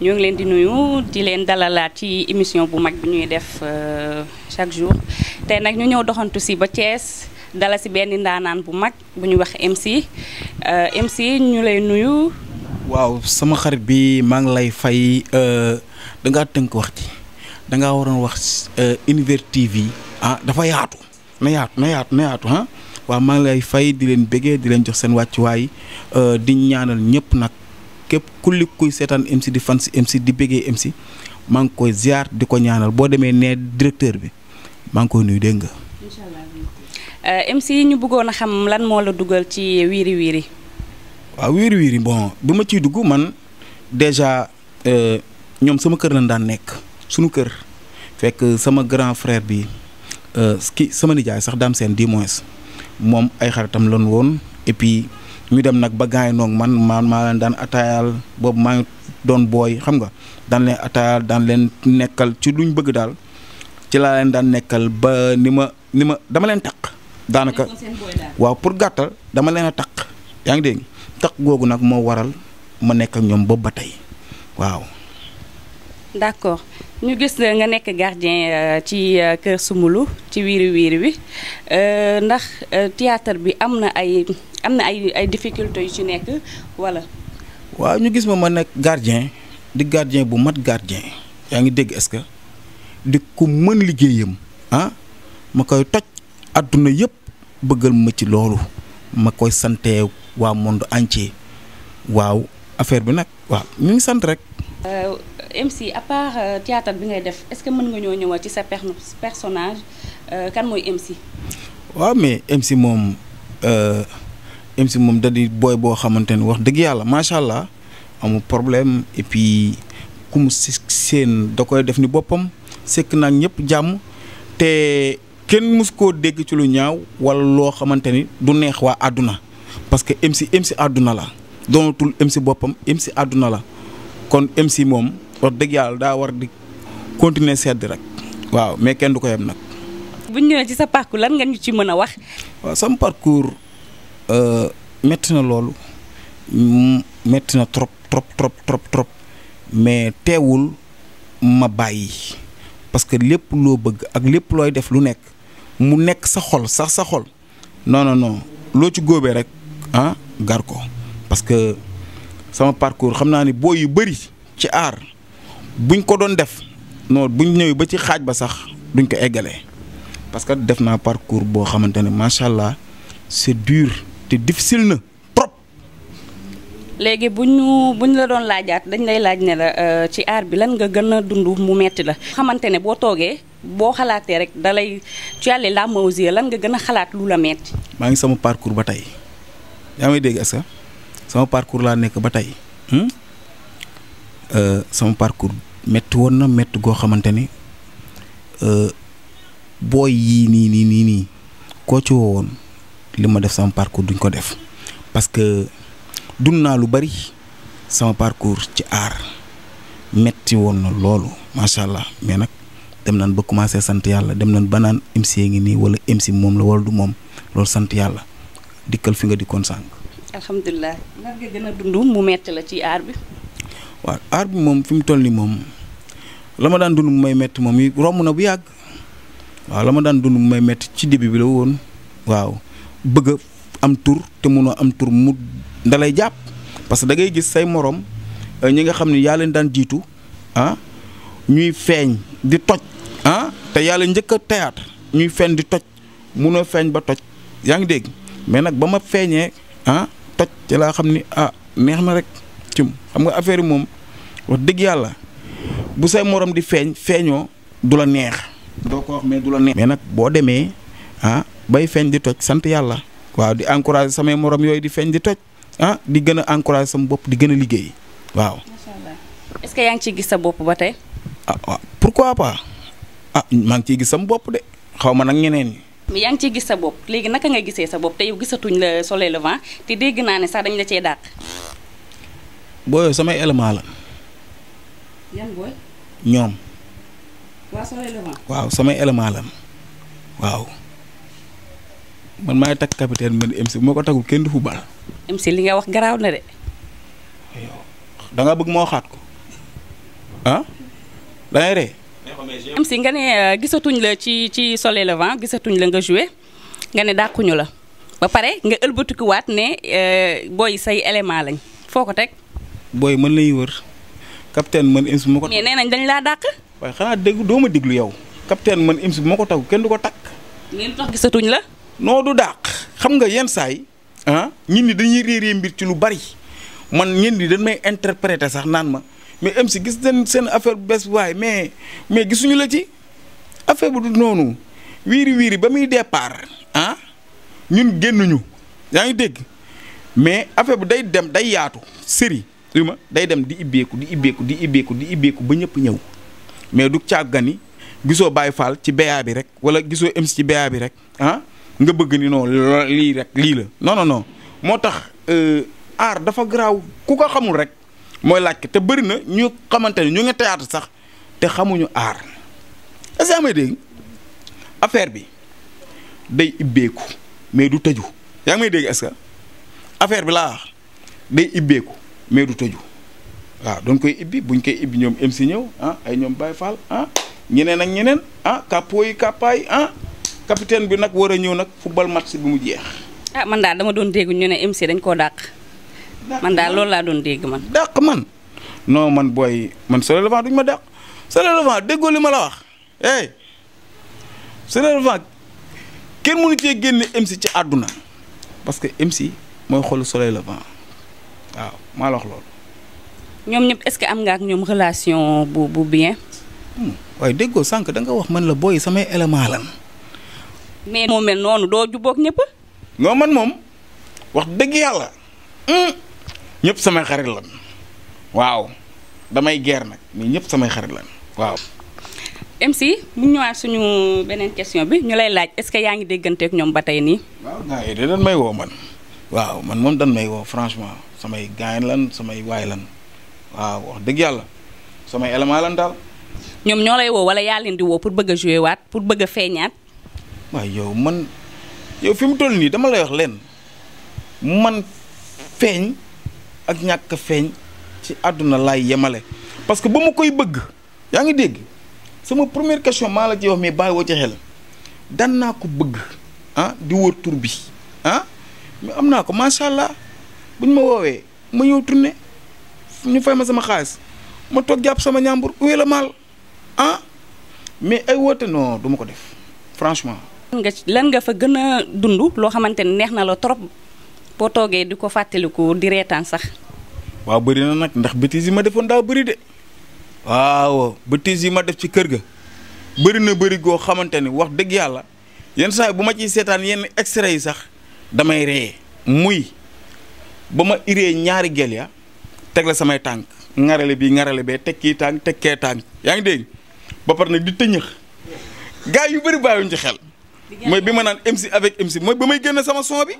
ñoo ngi leen di nuyu di leen dalalaat ci émission bu mag bi ñuy def euh, chaque jour tey nag ñu ñëw doxantu si ba Thiès dala si benn ndaanaan bu mag bu ñuy wax MC euh, MC ñu lay nuyu. waaw sama xarit bi maa ngi lay fay euh, da ngaa tënk wax ci da ngaa waroon wax Univers TV ah dafa yaatu na yaatu na yaatu waaw maa ngi lay fay di leen bëggee di leen jox seen wàccuwaay di ñaanal ñëpp nag. képp kulli kuy seetaan MC di fan si MC di bëggee MC maa ngi koy ziar di ko ñaanal boo demee nee directeur bi maa ngi koy nuyu dégg nga. incha allah euh, MC ñu bëggoon a xam lan moo la dugal ci wiiri wiiri. waaw wiiri wiiri bon bi ma ciy dugg man déjà euh, ñoom sama kër lañ daan nekk sunu kër fekk sama grand frère bi euh, ki sama nijaay sax daam seen dix mois moom ay xaritam lan woon et ñu dem nag ba gaañ noog man maa maa leen daan ataayaal boobu maa ngi doon booy xam nga daan leen ataayaal daan leen nekkal ci lu ñu bëgg daal ci laa leen daan nekkal ba ni ma ni ma dama leen taq daanaka waaw pour gàttal dama leen a taq yaa ngi dégg taq googu nag moo waral ma nekk ñoom boobu ba tey waaw. d'accord ñu gis nga nekk gardien euh, ci euh, kër Soumboulou ci wiiri wiiri wi euh, ndax théâtre bi am na ay. am na ay ay difficultés yu ci nekk wala. waaw ñu gis ma ma nekk gardien di gardien bu mat gardien yaa ngi dégg est-ce que di ku mën liggéeyam ah? ma koy toj àdduna yëpp bëggal ma ci loolu ma koy sante waa monde entier waaw affaire bi nag waaw ñu ngi sant rek. Euh, MC à part euh, théâtre bi ngay def est-ce que mën nga ñoo ñëwaat ci sa personnage euh, kan mooy MC. waaw mais MC moom. MC moom da di booy boo xamante wax dëgg yàlla macha allah amul problème et puis si seen da koy def ni boppam sekk naag ñëpp jàmm te kenn mus koo dégg ci lu ñaaw wala loo xamante ni du neex waa àdduna parce que MC MC àdduna la doonatul MC boppam MC àdduna la kon MC moom wax dëgg yàlla daa war di continuer sedd rek waaw mais kenn du ko yem nag. buñ ñëwee ci sa parcours lan nga ñu ci mën a wax. sama parcours. Euh, metti na loolu metti na trop trop trop trop trop mais teewul ma bàyyi parce que lépp loo bëgg ak lépp looy def lu nekk mu nekk sa xol sax sa xol non non loo ci góobee rek ah gar ko parce que sama parcours xam naa ni booy yu bëri ci aar buñ ko doon def non buñ ñëwee ba ci xaaj ba sax duñ ko eggalee parce que def naa parcours boo xamante ne macha allah c'est dur. te difficile na trop. léegi bu ñu bu ñu la doon laajaat dañ lay laaj ne la euh, ci aar bi lan nga gën a dund mu metti la. xamante ne boo toogee boo xalaatee rek dalay lay ci yàlla làmb lan nga gën a xalaat lu la metti maa ngi sama parkour ba tey yaa may dégg est-ce que sama parcours laa nekk ba tey hmm? euh, sama parcours metti woon na metti goo xamante ne euh, booy yii nii nii nii nii koo ci woowoon. li ma def sama parcours duñ ko def parce que dund naa lu bari sama parcours ci aar metti woon na loolu macha allah mais nag dem nañ ba commencé sant yàlla dem nañ ba naan MC ngi nii wala MC moom la wala du moom loolu sant yàlla dikkal fi nga dikkoon sànq. alhamdulilah mu metti la ci aar waaw aar moom fi mu toll nii moom la ma daan dund mu may metti moom yi romb na bu yàgg waaw la ma daan dund mu may metti ci début bi la woon waaw. bëgg am tur te mënoo am tur mu dalay jàpp parce que da ngay gis say moroom euh, ñi nga xam ne yaa leen daan jiitu ah ñuy feeñ di toj ah te yàlla njëkk a théâtre ñuy feeñ di toj mënoo feeñ ba toj yaa ngi dégg mais nag ba ma feeñee ah toj ci laa xam ni ah neex na rek cim xam nga affaire moom wax dëgg yàlla bu say morom di feeñ feeñoo du la neex doo ko wax mais la neex nag boo demee ah bay feeñ di toj sant yàlla waaw di encouragé samay moroom yooyu di feeñ di toj ah di gën a encouragé sama bopp di gën a liggéey waaw. macha ce que yaa ngi ciy gis sa bopp ba tey. ah waaw pourquoi pas ah maa ngi ciy gis sama bopp de xaw ma nag ñeneen ñi. mais yaa ngi ciy gis sa bopp léegi naka nga gisee sa bopp te yow gisatuñ la soleil levant te dégg naa ne sax dañ la cee dàq. booyoo samay élément la. yan ñoom. waaw samay élément la waaw. man maay takk capitaine man MC bu ma ko taggul kenn du fu bal. MC li nga wax garaaw na de. da bëgg moo xaat ko ah da ngay MC nga ne euh, gisatuñ la ci ci soleil levant gisatuñ la nga joué nga ne dàquñu la ba pare nga ëlbatikuwaat ne euh, booy say élément lañ foo ko teg. booy mën lañuy wër capitaine man MC bu ma ko. mais nañ dañ laa dàq. waaye xanaa dégg doo ma déglu yow capitaine man ko taw kenn du ko takk. ngeen tax gisatuñ la. noo du dàq xam nga yenn yi ah ñit ñi dañuy réeree mbir ci lu bari man ñen ñi dañ may interpréter sax naan ma mais MC gis nañ seen affaire bu bees waaye mais mais gisuñu la ci affaire bu du noonu wiiri wiiri ba muy départ ah ñun génnuñu yaa ngi dégg mais affaire bu day dem day yaatu série yu ma day dem di ibbeeku di ibbeeku di ibbeeku di ibbeeku ba ñëpp ñëw mais du càggani gisoo Baye Fall ci BA bi rek wala gisoo MC ci BA bi rek ah nga bëgg ni non lii rek lii la non non moo tax aar euh, dafa garaaw ku ko xamul rek mooy laaj te bëri na ñu xamante ne ñu ngi théâtre sax te xamuñu aar est affaire bi day ibbeeku mais du tëju yaa ngi may dégg est-ce bi laa day ibbeeku mais du tëju waaw doon koy ibbi buñ koy ibbi ñoom MC ñëw ah ay ñoom Baye Fall ah ñeneen ak ñeneen ah kàppoo capitaine bi nag war a ñëw nag football match bi mu jeex. ah man daal dama doon dégg ñu ne MC dañ koo dàq. man daal loolu laa doon dégg man. dàq man non man booy man Soleil Levant duñ ma dàq Soleil Levant déggoo li ma la wax hey Soleil Levant kenn mënu cee génne MC ci àdduna parce que MC mooy xolu Soleil Levant waaw maa la wax loolu. ñoom ñëpp est-ce que am nga ak ñoom relation bu bu bien. Hmm, waaye déggoo sànq da nga wax man la booy samay élément la mais moo mel noonu doo jubboog ñëpp. non man moom wax dëgg yàlla ñëpp samay xarit lan waaw damay geer nag mais ñëpp samay xarit lan waaw. MC bu ñu ñëwaat suñu beneen question bi ñu lay laaj est-ce que yaa ngi dégganteek ñoom ba tey nii. waaw may woo man waaw man moom dañ may woo franchement samay gars lan samay waay lan waaw wax dëgg yàlla samay élément lan daal. ñoom ñoo lay woo wala yaa leen di woo pour bëgg a waat pour bëgg a feeñaat. waaye yow man yow fi mu toll nii dama lay wax leen man feeñ ak ñàkk feeñ ci àdduna laay yemale parce que ba ma koy bëgg yaa ngi dégg sama première question maa la ji wax mais bàyyi woo ci xel dan naa ko bëgg ah di wër bi ah mais am naa ko macha allah buñ ma woowee ma ñëw tourné ñu fay ma sama xaalis ma toog jàpp sama ñàmbur wéy la maal ah mais ay woote non duma ko def franchement nga lan nga fa gën a dund loo xamante ne neex na la trop boo toogee di ko fàttaliku di reetaan sax. waaw bari na nag ndax bêtises yi ma defoon daa bëri de. waaw bêtises yi ma def ci kër ga bëri na bëri goo xamante ni wax dëgg yàlla yenn saa bu ma ciy seetaan yenn extrait yi sax damay ree muy ba ma iree ñaari gel ya teg la samay tànk ngarale bi ngarale bee teg kii tànk teg kee tànk yaa ngi dégg ba pare nag di tëñëx gaa yu bëri bàyyiwuñ ci xel. mooy bi ma naan MC avec MC mooy ba may génn sama son bi.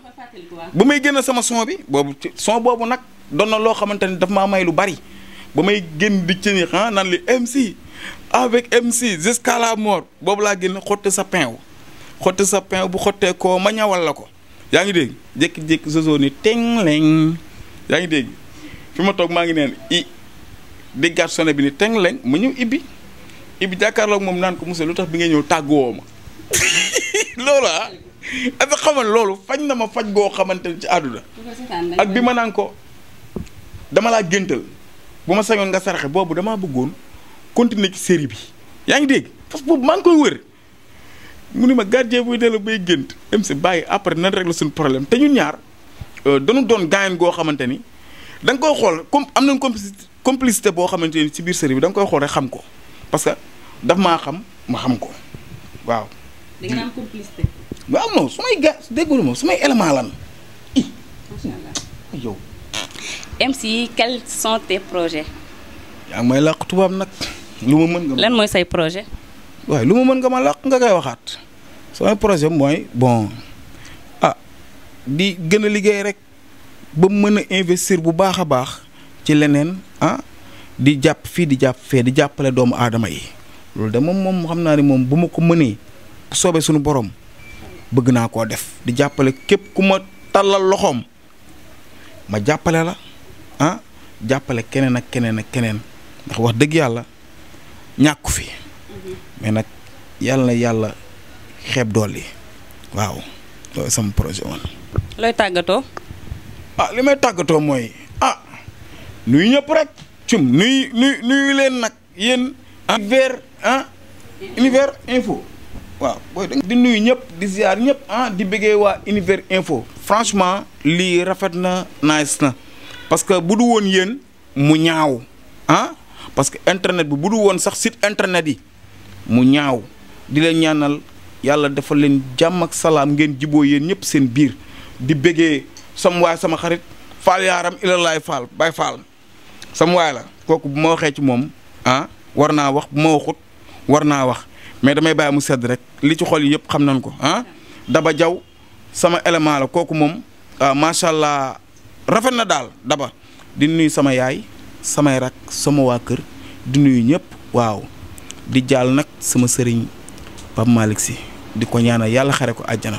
ba may génn sama son bi boobu ci son boobu nag doon na loo xamante ni daf maa may lu bari ba may génn di ci ah naan li MC avec MC jusqu'à la mort boobu laa génn xotti sa pain wu xotti sa pain bu xottee koo ma ñawal la ko. yaa ngi dégg jékki-jékki Zozo ni teng leng yaa ngi dégg fi ma toog maa ngi neen i déggaat sonné bi ni teng leng mu ñëw ibbi ibbi jàkkaarloog moom naan ko monsieur lu tax bi ngay ñëw tàgguwoo ma. loolu ah dafa xamal loolu faj na ma faj goo xamante ci àdduna ak bi ma naan ko dama laa géntal bu ma sañoon nga saraxe boobu damaa bëggoon continuer ci série bi yaa ngi dégg parce boobu maa ngi koy wër mu ni ma gardien buy delloo bay gént MC bàyyi après nan régler suñu problème te ñun ñaar euh, dañu doon gaañan goo xamante ni da nga koy xool comme am nañ complicité complicité boo xamante ni ci biir série bi da nga koy xool rek xam ko parce que daf maa xam ma xam ko waaw. da ngeen am complicité. waaw non su may ga déggul ma su may élément lan. macha allah yow. MC quels sont tes projets. nag. lu ma mën nga ma lan say projet. waaye lu ma mën nga ma làq nga koy waxaat. samay projet mooy bon ah di gën a liggéey rek ba mën a investir bu baax a baax ci leneen ah di jàpp fii di jàpp fee di jàppale doomu aadama yi loolu de moom moom xam naa ni moom bu ma ko mënee. soobee suñu boroom bëgg naa koo def di jàppale képp ku ma tàllal loxoom ma jàppale la ah jàppale keneen ak keneen ak keneen ndax wax dëgg yàlla ñàkku fi mais nag yàlla yàlla xeeb dool yi waaw loolu sama projet woon. looy tàggatoo. ah li may tàggatoo mooy ah nuyu ñëpp rek cum nuyu nuyu nuyu leen nag yéen. univers ah, univers info. waaw booy di nuyu ñëpp di ziar ñëpp ah di bëggee waa univers info franchement lii rafet na nice na parce que bu du woon yéen mu ñaaw ah parce que internet bi bu du woon sax site internet yi mu ñaaw di leen ñaanal yàlla dafa leen jàmm ak salaam ngeen jiboo yéen ñëpp seen biir di bëggee sam waay sama xarit faal yaaram ilalaay faal bay faal sam waay la kooku bu ma waxee ci moom ah war naa wax bu ma waxut war naa wax mais damay bàyyi mu sedd rek li ci xol yi yëpp xam nañ ko ah Daba jaw sama élément la kooku moom ah, macha allah rafet na daal Daba di nuyu sama yaay samay rak sama waa kër di nuyu ñëpp waaw di jàll nag sama sëriñ Pape Malick di ko ñaanal yàlla xare ko àjjana